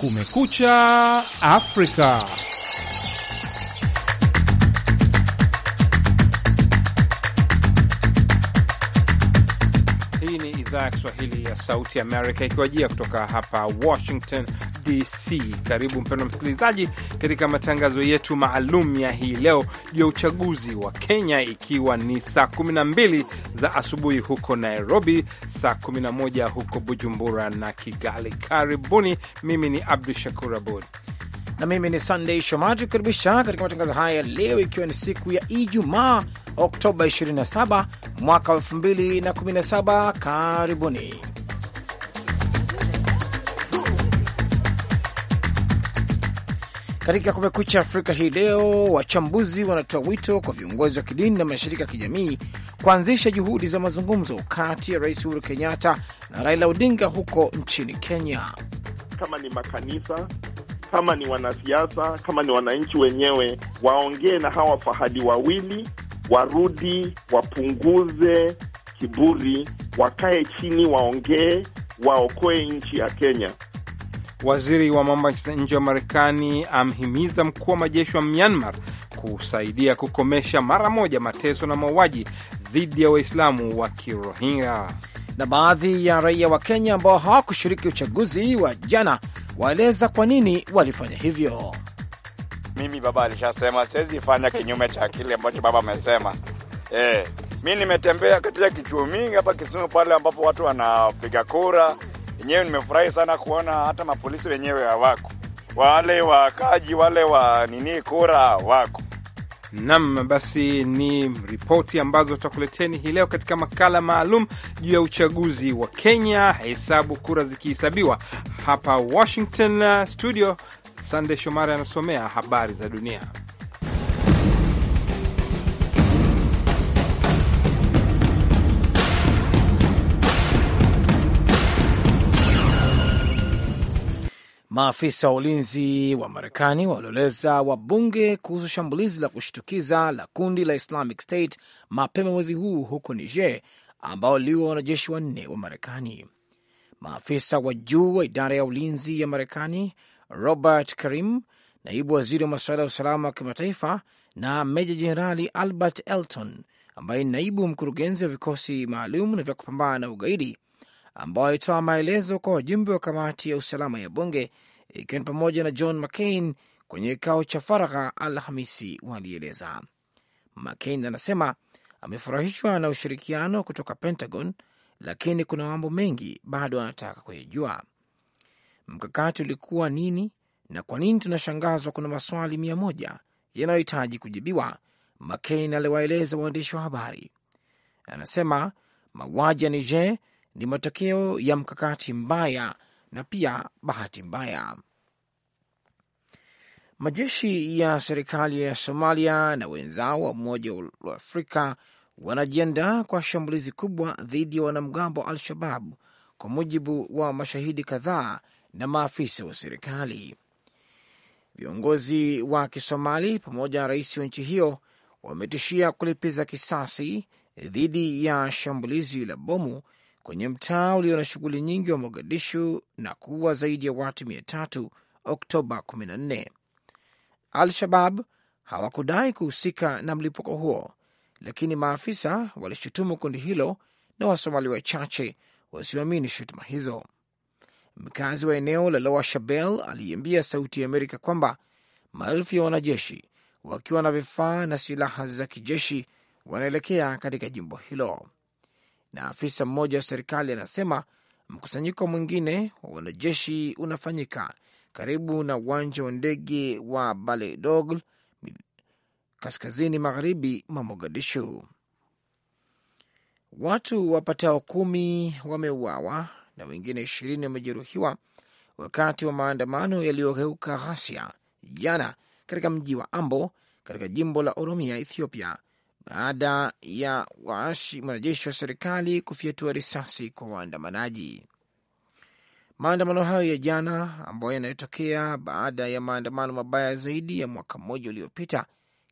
Kumekucha Afrika. Hii ni idhaa ya Kiswahili ya Sauti Amerika ikiwajia kutoka hapa Washington DC. Karibu mpendwa msikilizaji, katika matangazo yetu maalum ya hii leo juu ya uchaguzi wa Kenya, ikiwa ni saa 12 za asubuhi huko Nairobi, saa 11 huko Bujumbura na Kigali. Karibuni. Mimi ni Abdu Shakur Abud na mimi ni sandey Shomari, tukukaribisha katika matangazo haya leo, ikiwa ni siku ya Ijumaa Oktoba 27 mwaka 2017. Karibuni katika Kumekucha Afrika hii leo. Wachambuzi wanatoa wito kwa viongozi wa kidini na mashirika ya kijamii kuanzisha juhudi za mazungumzo kati ya Rais Uhuru Kenyatta na Raila Odinga huko nchini Kenya. Kama ni makanisa, kama ni wanasiasa, kama ni wananchi wenyewe, waongee na hawa fahali wawili, warudi, wapunguze kiburi, wakae chini, waongee, waokoe nchi ya Kenya. Waziri wa mambo ya nje wa Marekani amhimiza mkuu wa majeshi wa Myanmar kusaidia kukomesha mara moja mateso na mauaji dhidi ya Waislamu wa Kirohingya. Na baadhi ya raia wa Kenya ambao hawakushiriki uchaguzi wa jana waeleza kwa nini walifanya hivyo. Mimi baba alishasema siwezi fanya kinyume cha kile ambacho baba amesema. Eh, mi nimetembea katika kituo mingi hapa Kisumu pale ambapo watu wanapiga kura yenyewe. Nimefurahi sana kuona hata mapolisi wenyewe hawako, wale wakaji wale wa nini kura wako Nam, basi ni ripoti ambazo tutakuleteni hii leo katika makala maalum juu ya uchaguzi wa Kenya, hesabu kura zikihesabiwa hapa Washington uh, studio. Sande Shomari anasomea habari za dunia. Maafisa wa ulinzi wa Marekani walioleza wabunge kuhusu shambulizi la kushtukiza la kundi la Islamic State mapema mwezi huu huko Niger, ambao liwa wanajeshi wanne wa Marekani. Maafisa wa juu wa idara ya ulinzi ya Marekani, Robert Karim, naibu waziri wa masuala ya usalama wa kimataifa, na meja jenerali Albert Elton, ambaye ni naibu mkurugenzi wa vikosi maalum na vya kupambana na ugaidi, ambao alitoa maelezo kwa wajumbe wa kamati ya usalama ya bunge ikiwa ni pamoja na John McCain kwenye kikao cha faragha Alhamisi, walieleza. McCain anasema amefurahishwa na ushirikiano kutoka Pentagon, lakini kuna mambo mengi bado anataka kuyajua. Mkakati ulikuwa nini na kwa nini tunashangazwa? Kuna maswali mia moja yanayohitaji kujibiwa, McCain aliwaeleza waandishi wa habari. Anasema mauaji ya Niger ni matokeo ya mkakati mbaya na pia bahati mbaya. Majeshi ya serikali ya Somalia na wenzao wa Umoja wa Afrika wanajiandaa kwa shambulizi kubwa dhidi ya wanamgambo wa Al-Shabab, kwa mujibu wa mashahidi kadhaa na maafisa wa serikali. Viongozi wa Kisomali pamoja na rais wa nchi hiyo wametishia kulipiza kisasi dhidi ya shambulizi la bomu kwenye mtaa ulio na shughuli nyingi wa Mogadishu na kuwa zaidi ya watu mia tatu Oktoba 14. Al-Shabab hawakudai kuhusika na mlipuko huo, lakini maafisa walishutumu kundi hilo na Wasomali wachache wasioamini shutuma hizo. Mkazi wa eneo la Lower shabel aliiambia Sauti ya Amerika kwamba maelfu ya wanajeshi wakiwa na vifaa na silaha za kijeshi wanaelekea katika jimbo hilo na afisa mmoja wa serikali anasema mkusanyiko mwingine wa wanajeshi unafanyika karibu na uwanja wa ndege wa Baledogle kaskazini magharibi mwa Mogadishu. Watu wapatao kumi wameuawa na wengine ishirini wamejeruhiwa wakati wa maandamano yaliyogeuka ghasia jana katika mji wa Ambo katika jimbo la Oromia, Ethiopia, baada ya waashi mwanajeshi wa serikali kufyatua risasi kwa waandamanaji. Maandamano hayo ya jana ambayo yanayotokea baada ya maandamano mabaya zaidi ya mwaka mmoja uliopita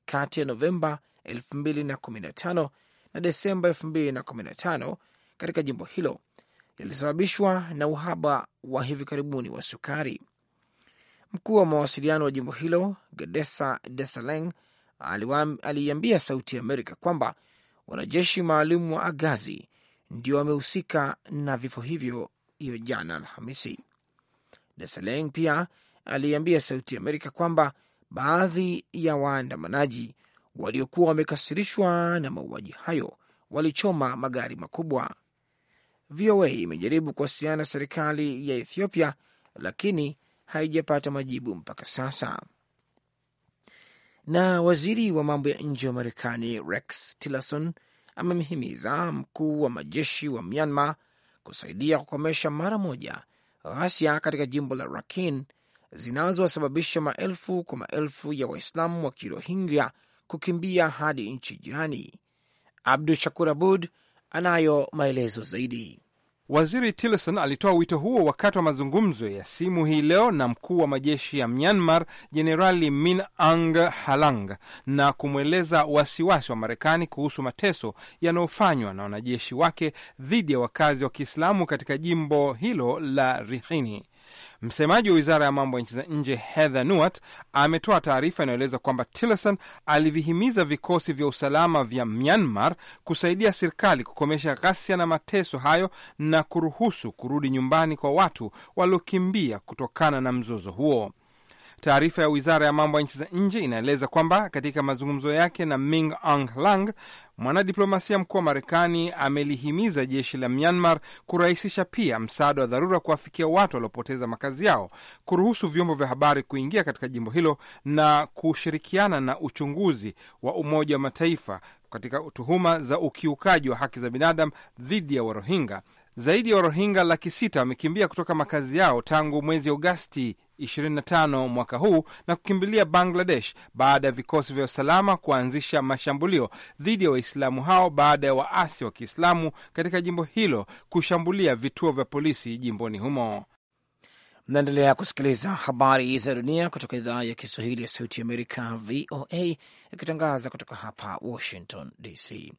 kati ya Novemba 2015 na Desemba 2015 katika jimbo hilo yalisababishwa na uhaba wa hivi karibuni wa sukari. Mkuu wa mawasiliano wa jimbo hilo Gadesa Desaleng aliiambia Sauti ya Amerika kwamba wanajeshi maalum wa Agazi ndio wamehusika na vifo hivyo hiyo jana Alhamisi. Deseleng pia aliiambia Sauti ya Amerika kwamba baadhi ya waandamanaji waliokuwa wamekasirishwa na mauaji hayo walichoma magari makubwa. VOA imejaribu kuwasiliana na serikali ya Ethiopia lakini haijapata majibu mpaka sasa. Na waziri wa mambo ya nje wa Marekani Rex Tillerson amemhimiza mkuu wa majeshi wa Myanmar kusaidia kukomesha mara moja ghasia katika jimbo la Rakhine zinazowasababisha maelfu kwa maelfu ya Waislamu wa, wa Kirohingya kukimbia hadi nchi jirani. Abdu Shakur Abud anayo maelezo zaidi. Waziri Tillerson alitoa wito huo wakati wa mazungumzo ya simu hii leo na mkuu wa majeshi ya Myanmar Jenerali Min Aung Hlaing na kumweleza wasiwasi wa Marekani kuhusu mateso yanayofanywa na wanajeshi wake dhidi ya wakazi wa Kiislamu katika jimbo hilo la Rakhine. Msemaji wa wizara ya mambo ya nchi za nje Heather Nauert ametoa taarifa inayoeleza kwamba Tillerson alivihimiza vikosi vya usalama vya Myanmar kusaidia serikali kukomesha ghasia na mateso hayo na kuruhusu kurudi nyumbani kwa watu waliokimbia kutokana na mzozo huo. Taarifa ya wizara ya mambo ya nchi za nje inaeleza kwamba katika mazungumzo yake na Ming Aung Hlaing, mwanadiplomasia mkuu wa Marekani amelihimiza jeshi la Myanmar kurahisisha pia msaada wa dharura kuwafikia watu waliopoteza makazi yao, kuruhusu vyombo vya habari kuingia katika jimbo hilo na kushirikiana na uchunguzi wa Umoja wa Mataifa katika tuhuma za ukiukaji wa haki za binadamu dhidi ya Warohinga zaidi ya rohinga laki sita wamekimbia kutoka makazi yao tangu mwezi Agosti 25 mwaka huu na kukimbilia Bangladesh baada ya vikosi vya usalama kuanzisha mashambulio dhidi ya Waislamu hao baada ya waasi wa Kiislamu katika jimbo hilo kushambulia vituo vya polisi jimboni humo. Mnaendelea kusikiliza habari za dunia kutoka idhaa ya Kiswahili ya Sauti ya Amerika, VOA, ikitangaza kutoka hapa Washington DC.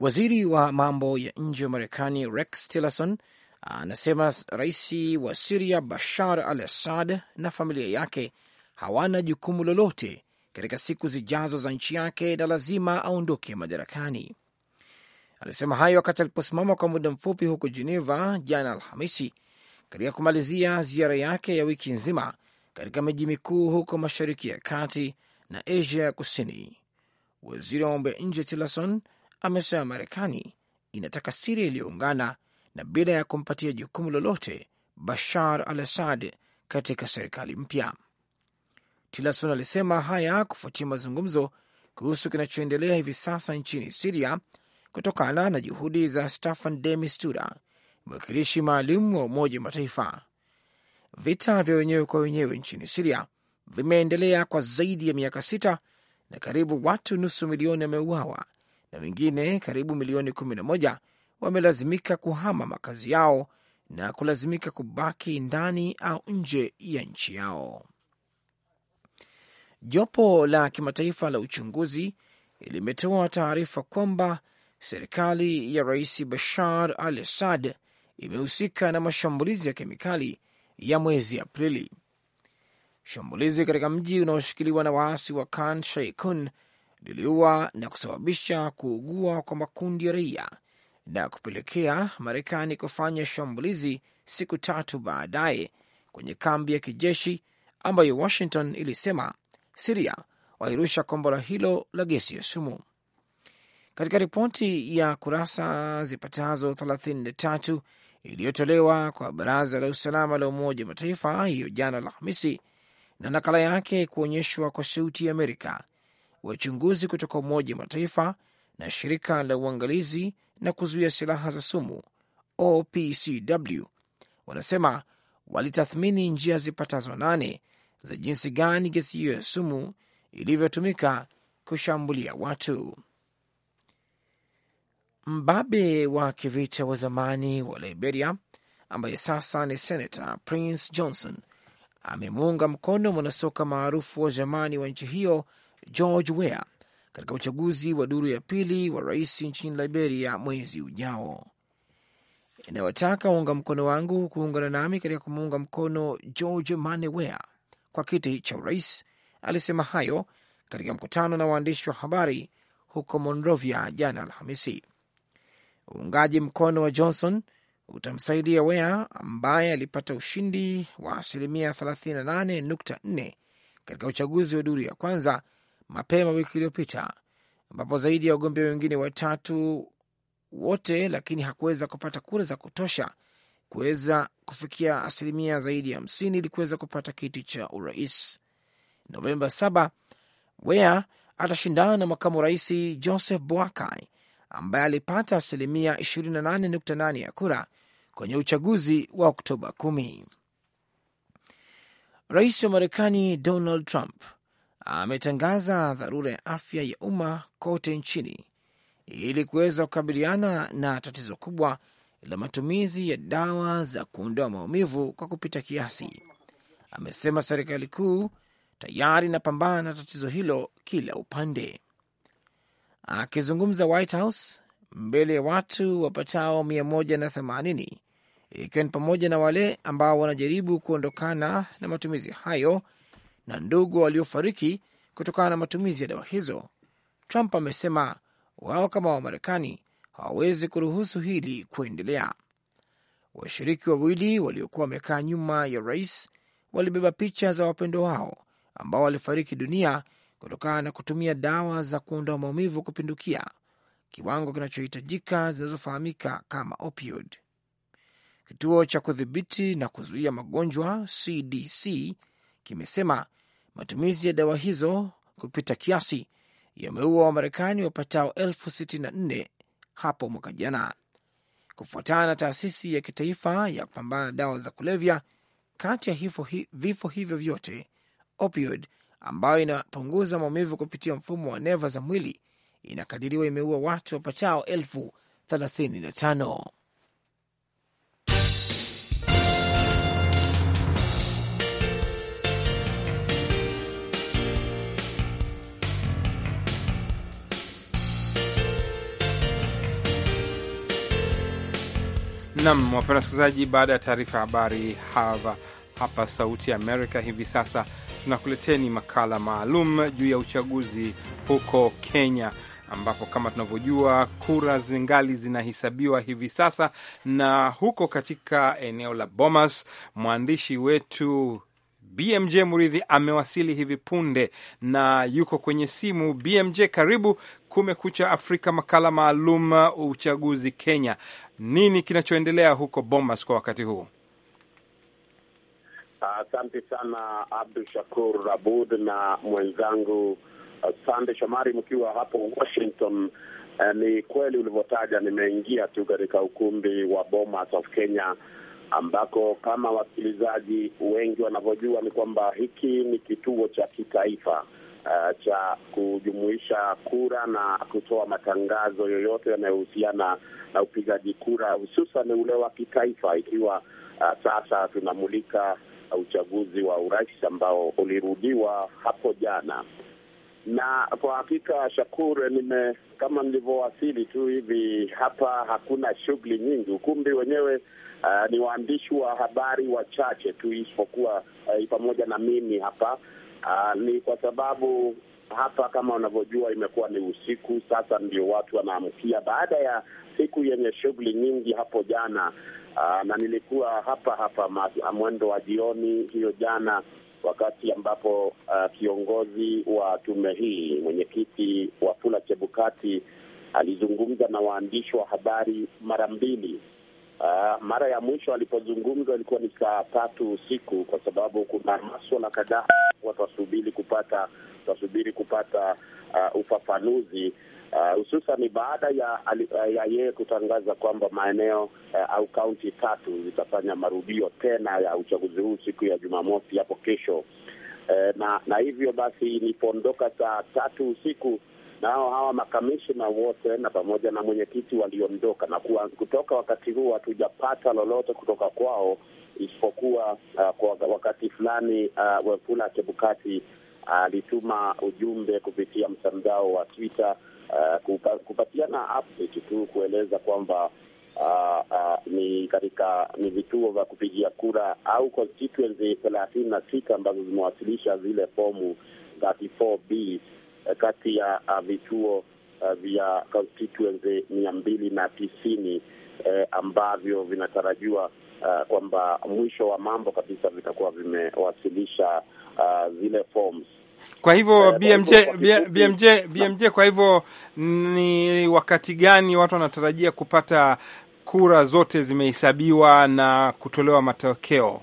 Waziri wa mambo ya nje wa Marekani Rex Tillerson anasema rais wa Siria Bashar al Assad na familia yake hawana jukumu lolote katika siku zijazo za nchi yake na lazima aondoke madarakani. Alisema hayo wakati aliposimama kwa muda mfupi huko Geneva jana Alhamisi, katika kumalizia ziara yake ya wiki nzima katika miji mikuu huko Mashariki ya Kati na Asia ya Kusini. Waziri wa mambo ya nje Tillerson amesema Marekani inataka Siria iliyoungana na bila ya kumpatia jukumu lolote Bashar al Assad katika serikali mpya. Tillerson alisema haya kufuatia mazungumzo kuhusu kinachoendelea hivi sasa nchini Siria kutokana na juhudi za Staffan de Mistura, mwakilishi maalum wa Umoja wa Mataifa. Vita vya wenyewe kwa wenyewe nchini Siria vimeendelea kwa zaidi ya miaka sita na karibu watu nusu milioni wameuawa na wengine karibu milioni 11 wamelazimika kuhama makazi yao na kulazimika kubaki ndani au nje ya nchi yao. Jopo la kimataifa la uchunguzi limetoa taarifa kwamba serikali ya Rais Bashar al Assad imehusika na mashambulizi ya kemikali ya mwezi Aprili. Shambulizi katika mji unaoshikiliwa na waasi wa Khan shaikun liliua na kusababisha kuugua kwa makundi ya raia na kupelekea Marekani kufanya shambulizi siku tatu baadaye kwenye kambi ya kijeshi ambayo Washington ilisema Siria walirusha kombora hilo la gesi ya sumu. Katika ripoti ya kurasa zipatazo 33 iliyotolewa kwa Baraza la Usalama la Umoja wa Mataifa hiyo jana Alhamisi na nakala yake kuonyeshwa kwa Sauti ya Amerika, wachunguzi kutoka Umoja wa Mataifa na shirika la uangalizi na kuzuia silaha za sumu OPCW wanasema walitathmini njia zipatazo nane za jinsi gani gesi hiyo ya sumu ilivyotumika kushambulia watu. Mbabe wa kivita wa zamani wa Liberia ambaye sasa ni senata Prince Johnson amemuunga mkono mwanasoka maarufu wa zamani wa nchi hiyo George Weah katika uchaguzi wa duru ya pili wa rais nchini Liberia mwezi ujao. inayotaka uunga mkono wangu kuungana nami katika kumuunga mkono George Mane Weah kwa kiti cha urais. Alisema hayo katika mkutano na waandishi wa habari huko Monrovia jana Alhamisi. Uungaji mkono wa Johnson utamsaidia Wea ambaye alipata ushindi wa asilimia 38.4 katika uchaguzi wa duru ya kwanza mapema wiki iliyopita, ambapo zaidi ya wagombea wengine watatu wote, lakini hakuweza kupata kura za kutosha kuweza kufikia asilimia zaidi ya hamsini ili kuweza kupata kiti cha urais. Novemba saba Wea atashindana na makamu rais Joseph Boakai ambaye alipata asilimia 28.8 ya kura kwenye uchaguzi wa Oktoba 10. Rais wa Marekani Donald Trump ametangaza dharura ya afya ya umma kote nchini ili kuweza kukabiliana na tatizo kubwa la matumizi ya dawa za kuondoa maumivu kwa kupita kiasi. Amesema serikali kuu tayari inapambana na tatizo hilo kila upande. Akizungumza White House mbele ya watu wapatao 180 ikiwa ni pamoja na wale ambao wanajaribu kuondokana na matumizi hayo na ndugu waliofariki kutokana na matumizi ya dawa hizo. Trump amesema wao kama Wamarekani hawawezi kuruhusu hili kuendelea. Washiriki wawili waliokuwa wamekaa nyuma ya rais walibeba picha za wapendo wao ambao walifariki dunia kutokana na kutumia dawa za kuondoa maumivu kupindukia, kiwango kinachohitajika zinazofahamika kama opioid. Kituo cha kudhibiti na kuzuia magonjwa CDC kimesema matumizi ya dawa hizo kupita kiasi yameua Wamarekani wapatao elfu sitini na nne hapo mwaka jana, kufuatana na taasisi ya kitaifa ya kupambana na dawa za kulevya. Kati ya hi, vifo hivyo vyote, opioid ambayo inapunguza maumivu kupitia mfumo wa neva za mwili inakadiriwa imeua watu wapatao elfu thelathini na tano. Nam, wapenda wasikilizaji, baada ya taarifa ya habari hava hapa Sauti ya Amerika, hivi sasa tunakuleteni makala maalum juu ya uchaguzi huko Kenya ambapo kama tunavyojua kura zingali zinahesabiwa hivi sasa, na huko katika eneo la Bomas mwandishi wetu BMJ Muridhi amewasili hivi punde na yuko kwenye simu. BMJ, karibu Kumekucha Afrika, makala maalum uh, uchaguzi Kenya. Nini kinachoendelea huko Bomas kwa wakati huu? Asante uh, sana Abdu Shakur Abud na mwenzangu uh, Sande Shomari mkiwa hapo Washington. Uh, ni kweli ulivyotaja, nimeingia tu katika ukumbi wa Bomas of Kenya ambako kama wasikilizaji wengi wanavyojua ni kwamba hiki ni kituo cha kitaifa uh, cha kujumuisha kura na kutoa matangazo yoyote yanayohusiana na upigaji kura, hususan ule wa kitaifa, ikiwa uh, sasa tunamulika uh, uchaguzi wa urais ambao ulirudiwa hapo jana na kwa hakika Shakur, nime kama nilivyowasili tu hivi hapa, hakuna shughuli nyingi. Ukumbi wenyewe uh, ni waandishi wa habari wachache tu, isipokuwa uh, pamoja na mimi hapa uh, ni kwa sababu hapa kama unavyojua imekuwa ni usiku sasa, ndio watu wanaamkia baada ya siku yenye shughuli nyingi hapo jana. Aa, uh, na nilikuwa hapa hapa mwendo wa jioni hiyo jana wakati ambapo uh, kiongozi wa tume hii mwenyekiti Wafula Chebukati alizungumza na waandishi wa habari mara mbili. Uh, mara ya mwisho alipozungumza ilikuwa ni saa tatu usiku, kwa sababu kuna maswala kadhaa wasubiri kupata wasubiri kupata uh, ufafanuzi uh, hususan uh, baada ya, uh, ya yeye kutangaza kwamba maeneo uh, au kaunti tatu zitafanya marudio tena ya uchaguzi huu siku ya Jumamosi hapo kesho uh, na, na hivyo basi ilipoondoka saa tatu usiku nao hawa makamishina wote na pamoja na mwenyekiti waliondoka, na kuwa kutoka wakati huo hatujapata lolote kutoka kwao isipokuwa uh, kwa wakati fulani uh, Wafula Chebukati alituma ujumbe kupitia mtandao wa Twitter uh, kupatiana update tu kueleza kwamba Uh, uh, ni katika ni vituo vya kupigia kura au constituency thelathini na sita ambazo zimewasilisha zile fomu 34B uh, kati ya uh, vituo uh, vya constituency mia mbili na tisini uh, ambavyo vinatarajiwa uh, kwamba mwisho wa mambo kabisa vitakuwa vimewasilisha uh, zile forms kwa hivyo BMJ, BMJ, BMJ, kwa hivyo ni wakati gani watu wanatarajia kupata kura zote zimehesabiwa na kutolewa matokeo?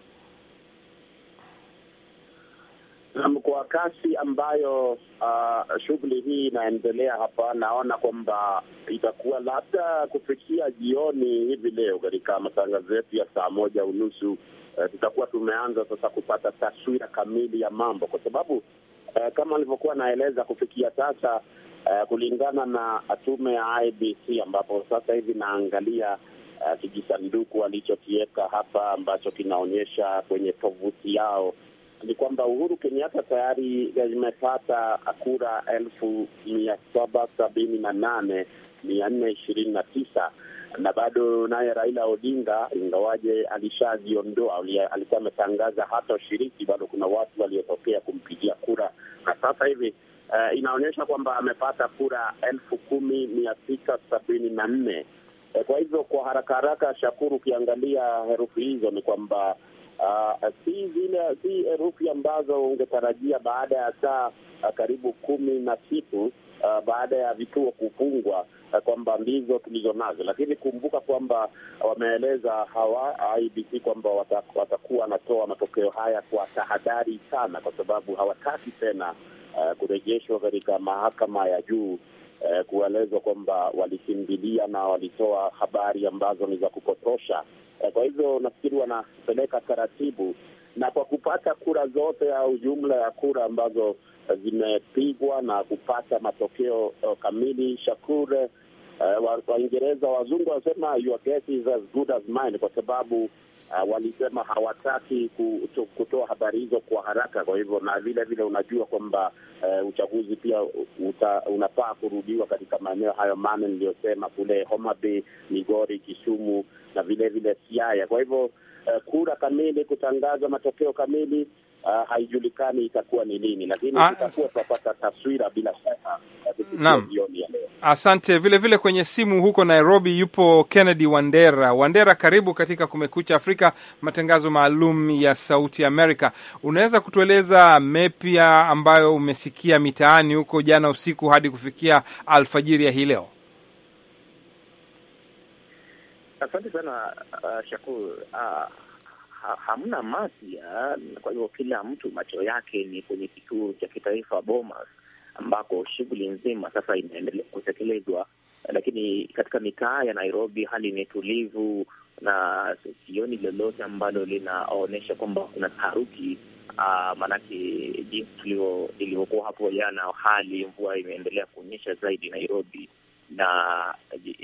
kasi ambayo uh, shughuli hii inaendelea hapa, naona kwamba itakuwa labda kufikia jioni hivi leo katika matangazo yetu ya saa moja unusu uh, tutakuwa tumeanza sasa kupata taswira kamili ya mambo, kwa sababu uh, kama alivyokuwa naeleza kufikia sasa uh, kulingana na tume ya IBC ambapo sasa hivi naangalia uh, kijisanduku alichokiweka hapa ambacho kinaonyesha kwenye tovuti yao ni kwamba Uhuru Kenyatta tayari imepata kura elfu mia saba sabini na nane mia nne ishirini na tisa na bado naye Raila Odinga ingawaje alishajiondoa, alikuwa ametangaza hata ushiriki, bado kuna watu waliotokea kumpigia kura, na sasa hivi uh, inaonyesha kwamba amepata kura elfu kumi mia sita sabini na nne. Eh, kwa hivyo kwa haraka haraka, Shakuru, ukiangalia herufi hizo ni kwamba uh, si zile si herufi ambazo ungetarajia baada ya saa ah, karibu kumi na kitu uh, baada ya vituo kufungwa uh, kwamba ndizo tulizo nazo, lakini kumbuka kwamba wameeleza hawa IBC kwamba watakuwa wanatoa matokeo haya kwa tahadhari sana, kwa sababu hawataki tena uh, kurejeshwa katika mahakama ya juu uh, kuelezwa kwamba walikimbilia na walitoa habari ambazo ni za kupotosha. Uh, kwa hivyo nafikiri wanapeleka taratibu, na kwa kupata kura zote au jumla ya kura ambazo zimepigwa na kupata matokeo uh, kamili, Shakur Waingereza wazungu wanasema your guess is as good as mine, kwa sababu uh, walisema hawataki kutoa habari hizo kwa haraka. Kwa hivyo na vile vile unajua kwamba uh, uchaguzi pia uta, unafaa kurudiwa katika maeneo hayo mane niliyosema kule Homa Bay, Migori, Kisumu na vile vile Siaya. Kwa hivyo uh, kura kamili, kutangaza matokeo kamili Ah, haijulikani itakuwa ni nini, lakini itakuwa ah, tutapata taswira bila shaka. asante. Vile vile kwenye simu huko Nairobi yupo Kennedy Wandera. Wandera, karibu katika Kumekucha Afrika, matangazo maalum ya Sauti Amerika. Unaweza kutueleza mepya ambayo umesikia mitaani huko jana usiku hadi kufikia alfajiri ya hii leo? Asante sana uh, Shakur uh, ha, hamna maji. Kwa hivyo kila mtu macho yake ni kwenye kituo cha kitaifa Bomas, ambako shughuli nzima sasa inaendelea kutekelezwa, lakini katika mitaa ya Nairobi hali ni tulivu na sioni lolote ambalo linaonyesha kwamba kuna taharuki. Uh, maanake jinsi ilivyokuwa hapo jana, hali mvua imeendelea kuonyesha zaidi Nairobi na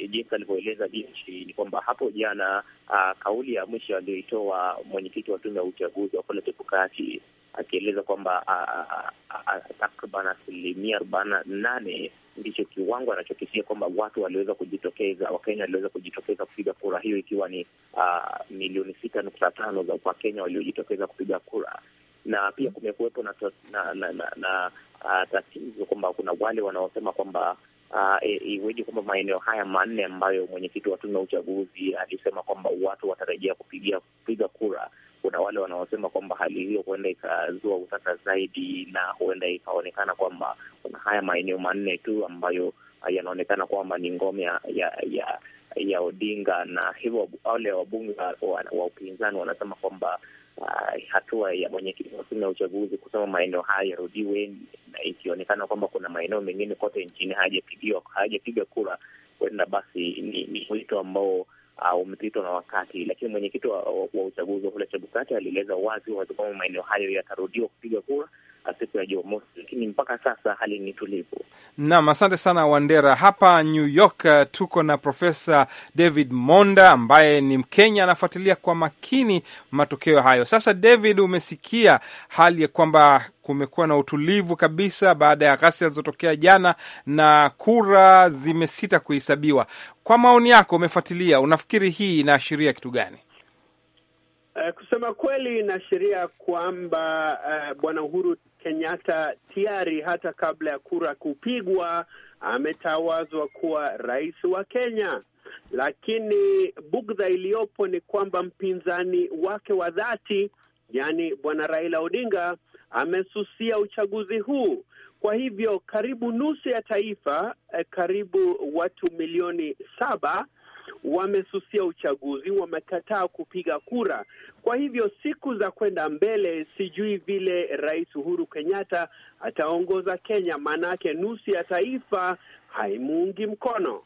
jinsi alivyoeleza jinsi ni kwamba hapo jana, uh, kauli ya mwisho aliyoitoa mwenyekiti wa tume ya uchaguzi kule Chebukati akieleza kwamba ah, ah, takriban asilimia arobaini na nane ndicho kiwango anachokisia kwamba watu waliweza kujitokeza, Wakenya waliweza kujitokeza kupiga kura hiyo, ikiwa ni uh, milioni sita nukta tano za Wakenya waliojitokeza kupiga kura na pia kumekuwepo na, na, na, na, na uh, tatizo kwamba kuna wale wanaosema kwamba uh, iweje kwamba maeneo haya manne ambayo mwenyekiti wa tume ya uchaguzi alisema kwamba watu watarajia kupiga kupiga kura, kuna wale wanaosema kwamba hali hiyo huenda ikazua utata zaidi na huenda ikaonekana kwamba kuna haya maeneo manne tu ambayo ah, yanaonekana kwamba ni ngome ya, ya, ya ya Odinga na hivyo wale wabunge wa upinzani wanasema kwamba uh, hatua ya mwenyekiti wa tume ya uchaguzi kusema maeneo haya yarudiwe, na ikionekana kwamba kuna maeneo mengine kote nchini hayajapigiwa hayajapiga kura, huenda basi ni, ni wito ambao Uh, umepitwa na wakati, lakini mwenyekiti wa, wa, wa uchaguzi Wafula Chebukati alieleza wazi wazi kwamba maeneo hayo yatarudiwa kupiga kura, siku ya Jumamosi, lakini mpaka sasa hali ni tulivu. Naam, asante sana Wandera. Hapa New York uh, tuko na Profesa David Monda ambaye ni Mkenya, anafuatilia kwa makini matokeo hayo. Sasa David, umesikia hali ya kwamba kumekuwa na utulivu kabisa baada ya ghasia zilizotokea jana na kura zimesita kuhesabiwa. Kwa maoni yako, umefuatilia, unafikiri hii inaashiria kitu gani? Eh, kusema kweli inaashiria kwamba uh, Bwana Uhuru Kenyatta tiari hata kabla ya kura kupigwa ametawazwa kuwa rais wa Kenya, lakini bugdha iliyopo ni kwamba mpinzani wake wa dhati, yani bwana Raila Odinga, amesusia uchaguzi huu. Kwa hivyo karibu nusu ya taifa, eh, karibu watu milioni saba wamesusia uchaguzi, wamekataa kupiga kura. Kwa hivyo siku za kwenda mbele, sijui vile Rais Uhuru Kenyatta ataongoza Kenya, maanake nusu ya taifa haimuungi mkono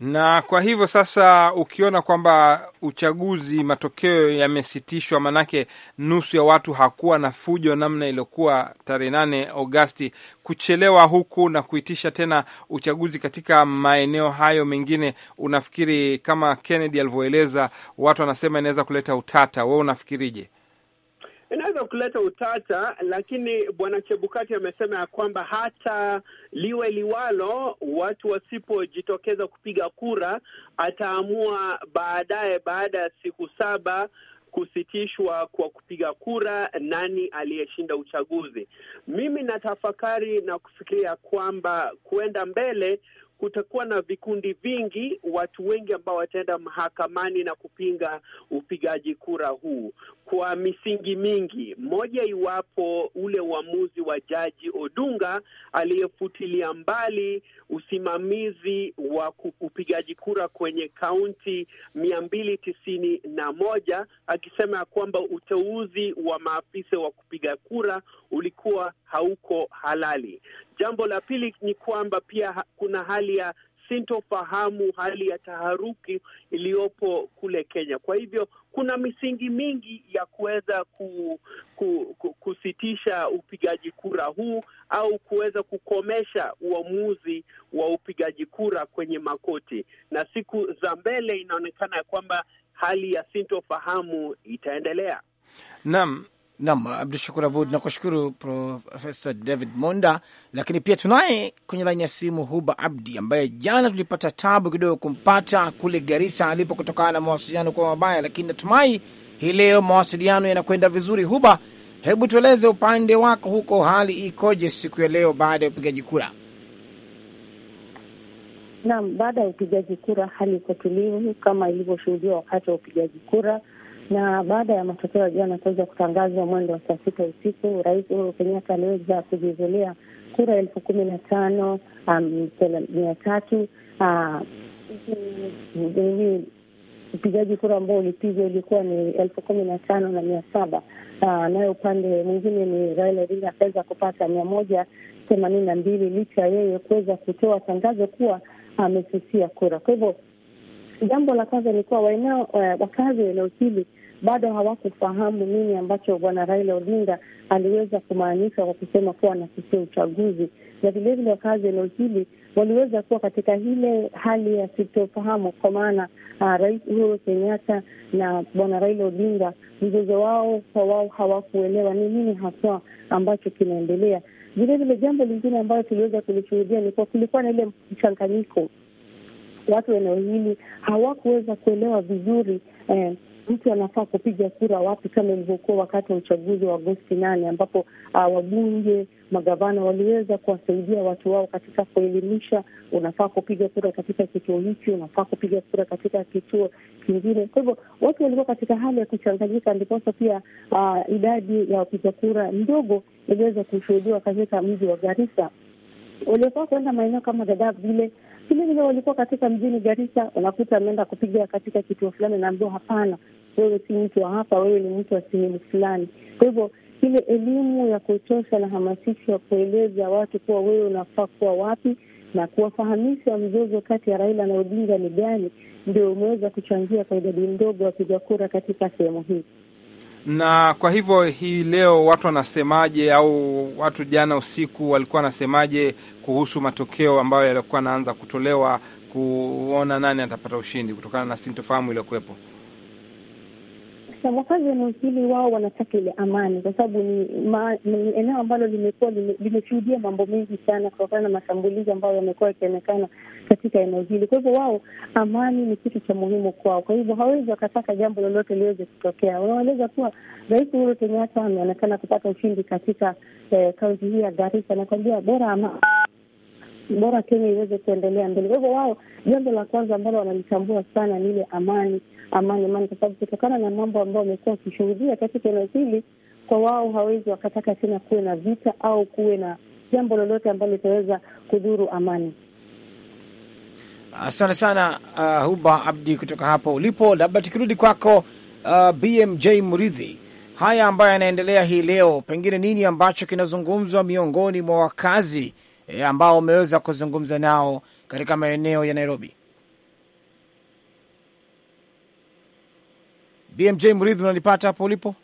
na kwa hivyo sasa, ukiona kwamba uchaguzi matokeo yamesitishwa, manake nusu ya watu hakuwa na fujo namna iliyokuwa tarehe nane Agosti, kuchelewa huku na kuitisha tena uchaguzi katika maeneo hayo mengine, unafikiri kama Kennedy alivyoeleza, watu wanasema inaweza kuleta utata, wewe unafikirije? inaweza kuleta utata, lakini bwana Chebukati amesema ya kwamba hata liwe liwalo, watu wasipojitokeza kupiga kura, ataamua baadaye, baada ya siku saba kusitishwa kwa kupiga kura nani aliyeshinda uchaguzi. Mimi natafakari na kufikiria kwamba kuenda mbele kutakuwa na vikundi vingi, watu wengi ambao wataenda mahakamani na kupinga upigaji kura huu kwa misingi mingi. Moja, iwapo ule uamuzi wa jaji Odunga aliyefutilia mbali usimamizi wa upigaji kura kwenye kaunti mia mbili tisini na moja akisema ya kwamba uteuzi wa maafisa wa kupiga kura ulikuwa hauko halali. Jambo la pili ni kwamba pia kuna hali ya sintofahamu, hali ya taharuki iliyopo kule Kenya. Kwa hivyo kuna misingi mingi ya kuweza ku, ku, ku, kusitisha upigaji kura huu au kuweza kukomesha uamuzi wa upigaji kura kwenye makoti, na siku za mbele inaonekana ya kwamba hali ya sintofahamu itaendelea. Naam, Nam Abdu Shakur Abud, nakushukuru Profesa David Monda. Lakini pia tunaye kwenye laini ya simu Huba Abdi ambaye jana tulipata tabu kidogo kumpata kule garisa alipo kutokana na mawasiliano kuwa mabaya, lakini natumai hii leo mawasiliano yanakwenda vizuri. Huba, hebu tueleze upande wako huko, hali ikoje siku ya leo baada ya upigaji kura? Nam, baada ya upigaji kura hali iko tulivu kama ilivyoshuhudiwa wakati wa upigaji kura na baada ya matokeo ya jana kuweza kutangazwa mwendo wa saa sita usiku, Rais Uhuru Kenyatta aliweza kujizulia kura elfu kumi na tano mia um, tatu ah, upigaji kura ambao ulipigwa ulikuwa ni elfu kumi na tano na mia saba ah, naye upande mwingine ni Raila Odinga akaweza kupata mia moja themanini na mbili licha yeye kuweza kutoa tangazo kuwa amesusia kura. Kwa hivyo Jambo la kwanza ni kuwa eh, wakazi wa eneo hili bado hawakufahamu nini ambacho bwana Raila Odinga aliweza kumaanisha kwa kusema kuwa anasusia uchaguzi, na vilevile wakazi wa eneo hili waliweza kuwa katika ile hali ya sitofahamu, kwa maana uh, Rais Uhuru Kenyatta na bwana Raila Odinga mzozo wao kwa wao hawakuelewa ni nini haswa ambacho kinaendelea. Vilevile jambo lingine ambayo tuliweza kulishuhudia ni kuwa kulikuwa na ile mchanganyiko watu wa eneo hili hawakuweza kuelewa vizuri eh, mtu anafaa kupiga kura wapi, kama ilivyokuwa wakati wa uchaguzi wa Agosti nane ambapo uh, wabunge, magavana waliweza kuwasaidia watu wao katika kuelimisha, unafaa kupiga kura katika kituo hiki, unafaa kupiga kura katika kituo kingine. Kwa hivyo watu walikuwa katika hali ya kuchanganyika, ndiposa pia uh, idadi ya wapiga kura ndogo iliweza kushuhudiwa katika mji wa Garissa. Waliokuwa kuenda maeneo kama Dadaab vile vile vile walikuwa katika mjini Garissa, unakuta ameenda kupiga katika kituo fulani, naambiwa hapana, wewe si mtu wa hapa, wewe ni mtu wa sehemu fulani. Kwa hivyo ile elimu ya kutosha na hamasisho ya kueleza watu kuwa wewe unafaa kuwa wapi na kuwafahamisha mzozo kati ya Raila na Odinga ni gani, ndio umeweza kuchangia kwa idadi ndogo wapiga kura katika sehemu hii. Na kwa hivyo hii leo watu wanasemaje, au watu jana usiku walikuwa wanasemaje kuhusu matokeo ambayo yalikuwa yanaanza kutolewa, kuona nani atapata ushindi kutokana na sintofahamu iliyokuwepo? na wakazi wa eneo hili wao wanataka ile amani, kwa sababu ni, ni eneo ambalo limekuwa limeshuhudia mambo mengi sana kutokana na mashambulizi ambayo yamekuwa yakionekana katika eneo hili. Kwa hivyo wao amani ni kitu cha muhimu kwao, kwa hivyo hawezi wakataka jambo lolote liweze kutokea. Wanaeleza kuwa Rais Uhuru Kenyatta ameonekana kupata ushindi katika eh, kaunti hii ya Garissa, anakwambia bora ama bora Kenya iweze kuendelea mbele. Kwa hivyo wao, jambo la kwanza ambalo wanalitambua sana ni ile amani, amani, amani, kwa sababu kutokana na mambo ambayo wamekuwa wakishuhudia katika eneo hili, kwa wao hawezi wakataka tena kuwe na vita au kuwe na jambo lolote ambalo litaweza kudhuru amani. Asante sana uh, Huba Abdi kutoka hapo ulipo. Labda tukirudi kwako uh, BMJ Muridhi, haya ambayo yanaendelea hii leo, pengine nini ambacho kinazungumzwa miongoni mwa wakazi e, ambao umeweza kuzungumza nao katika maeneo ya Nairobi? BMJ Mridhi, unanipata hapo ulipo?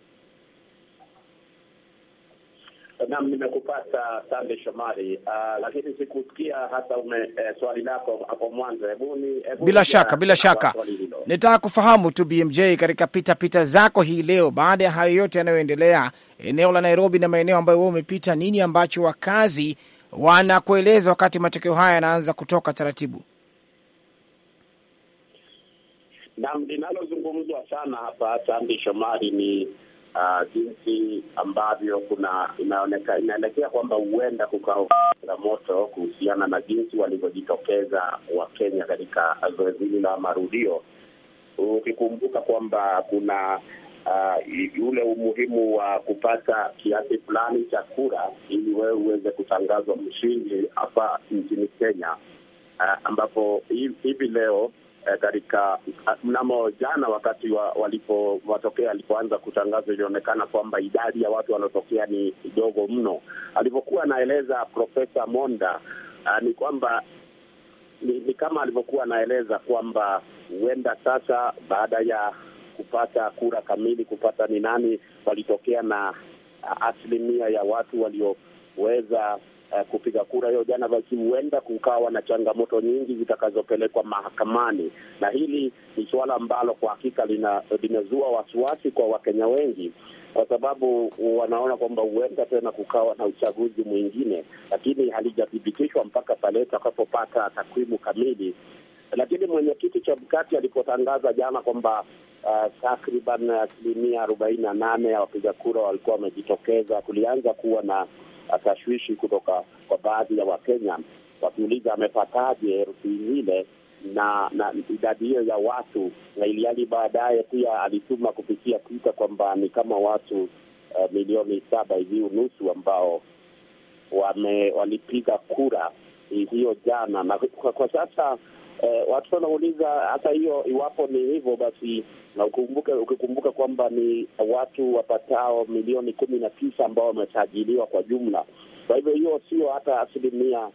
Naam, nimekupata Sande Shomari. Uh, lakini sikusikia hata ume, eh, swali lako hapo mwanzo. Hebu ni bila shaka bila shaka nitaka kufahamu tu BMJ, katika pita pita zako hii leo, baada ya hayo yote yanayoendelea eneo la Nairobi na maeneo ambayo wewe umepita, nini ambacho wakazi wanakueleza wakati matokeo haya yanaanza kutoka taratibu? Naam, linalozungumzwa sana hapa Sandi Shomari ni uh, jinsi ambavyo kuna inaoneka inaelekea kwamba huenda kukawa changamoto kuhusiana na jinsi walivyojitokeza Wakenya katika zoezi hili la marudio, ukikumbuka kwamba kuna uh, umuhimu wa uh, kupata kiasi fulani cha kura ili wewe uweze kutangazwa mshindi hapa nchini Kenya, uh, ambapo hivi leo uh, katika uh, mnamo jana wakati wa, walipo matokeo alipoanza kutangazwa ilionekana kwamba idadi ya watu wanaotokea ni dogo mno. Alivyokuwa anaeleza Profesa Monda uh, ni kwamba ni, ni kama alivyokuwa anaeleza kwamba huenda sasa baada ya kupata kura kamili, kupata ni nani walitokea na asilimia ya watu walioweza uh, kupiga kura hiyo jana, basi huenda kukawa na changamoto nyingi zitakazopelekwa mahakamani, na hili ni suala ambalo kwa hakika limezua wasiwasi kwa Wakenya wengi kwa sababu wanaona kwamba huenda tena kukawa na uchaguzi mwingine, lakini halijathibitishwa mpaka pale tutakapopata takwimu kamili lakini mwenyekiti Chebukati alipotangaza jana kwamba uh, takriban asilimia arobaini na nane ya wapiga kura walikuwa wamejitokeza, kulianza kuwa na uh, tashwishi kutoka kwa baadhi ya Wakenya wakiuliza amepataje herufi ile na na idadi hiyo ya watu, na iliali baadaye pia alituma kupitia Twitter kwamba ni kama watu uh, milioni saba hivi unusu ambao wame- walipiga kura hiyo jana na kwa, kwa sasa eh, watu wanauliza hata hiyo, iwapo ni hivyo basi, na ukumbuke, ukikumbuka kwamba ni watu wapatao milioni kumi na tisa ambao wamesajiliwa kwa jumla. Kwa hivyo hiyo sio hata asilimia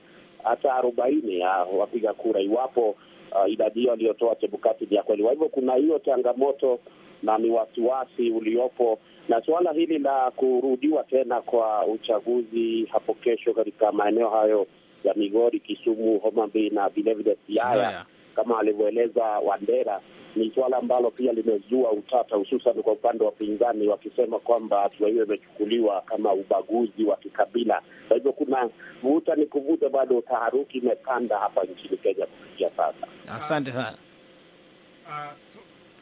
hata arobaini ya wapiga kura, iwapo uh, idadi hiyo aliyotoa Chebukati ni ya kweli. Kwa hivyo kuna hiyo changamoto na ni wasiwasi uliopo na suala hili la kurudiwa tena kwa uchaguzi hapo kesho katika maeneo hayo ya Migori, Kisumu, Homa Bay na vilevile Siaya kama alivyoeleza Wandera ni suala ambalo pia limezua utata hususan kwa upande wa upinzani, wakisema kwamba hatua hiyo imechukuliwa kama ubaguzi wa kikabila. Kwa hivyo kuna vuta ni kuvuta, bado taharuki imepanda hapa nchini Kenya kufikia sasa. Asante sana. Ah,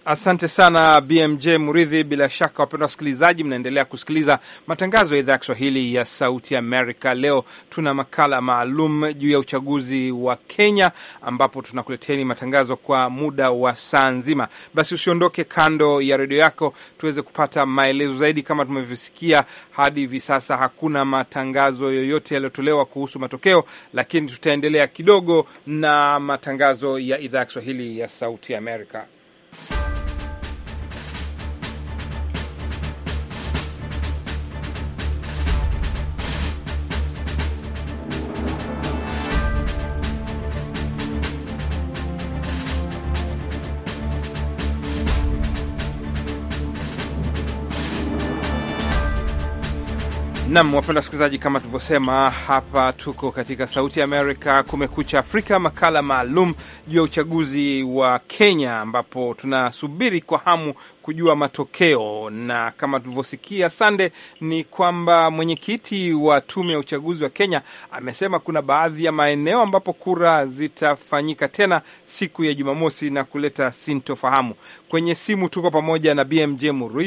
Asante sana BMJ Muridhi. Bila shaka, wapendwa wasikilizaji, mnaendelea kusikiliza matangazo ya idhaa ya Kiswahili ya Sauti Amerika. Leo tuna makala maalum juu ya uchaguzi wa Kenya, ambapo tunakuleteni matangazo kwa muda wa saa nzima. Basi usiondoke kando ya redio yako tuweze kupata maelezo zaidi. Kama tumevyosikia, hadi hivi sasa hakuna matangazo yoyote yaliyotolewa kuhusu matokeo, lakini tutaendelea kidogo na matangazo ya idhaa ya Kiswahili ya Sauti Amerika. Nam, wapenda wasikilizaji, kama tulivyosema hapa, tuko katika Sauti ya Amerika Kumekucha Afrika, makala maalum juu ya uchaguzi wa Kenya, ambapo tunasubiri kwa hamu kujua matokeo, na kama tulivyosikia Sande, ni kwamba mwenyekiti wa tume ya uchaguzi wa Kenya amesema kuna baadhi ya maeneo ambapo kura zitafanyika tena siku ya Jumamosi na kuleta sintofahamu. Kwenye simu tuko pamoja na BMJ Murithi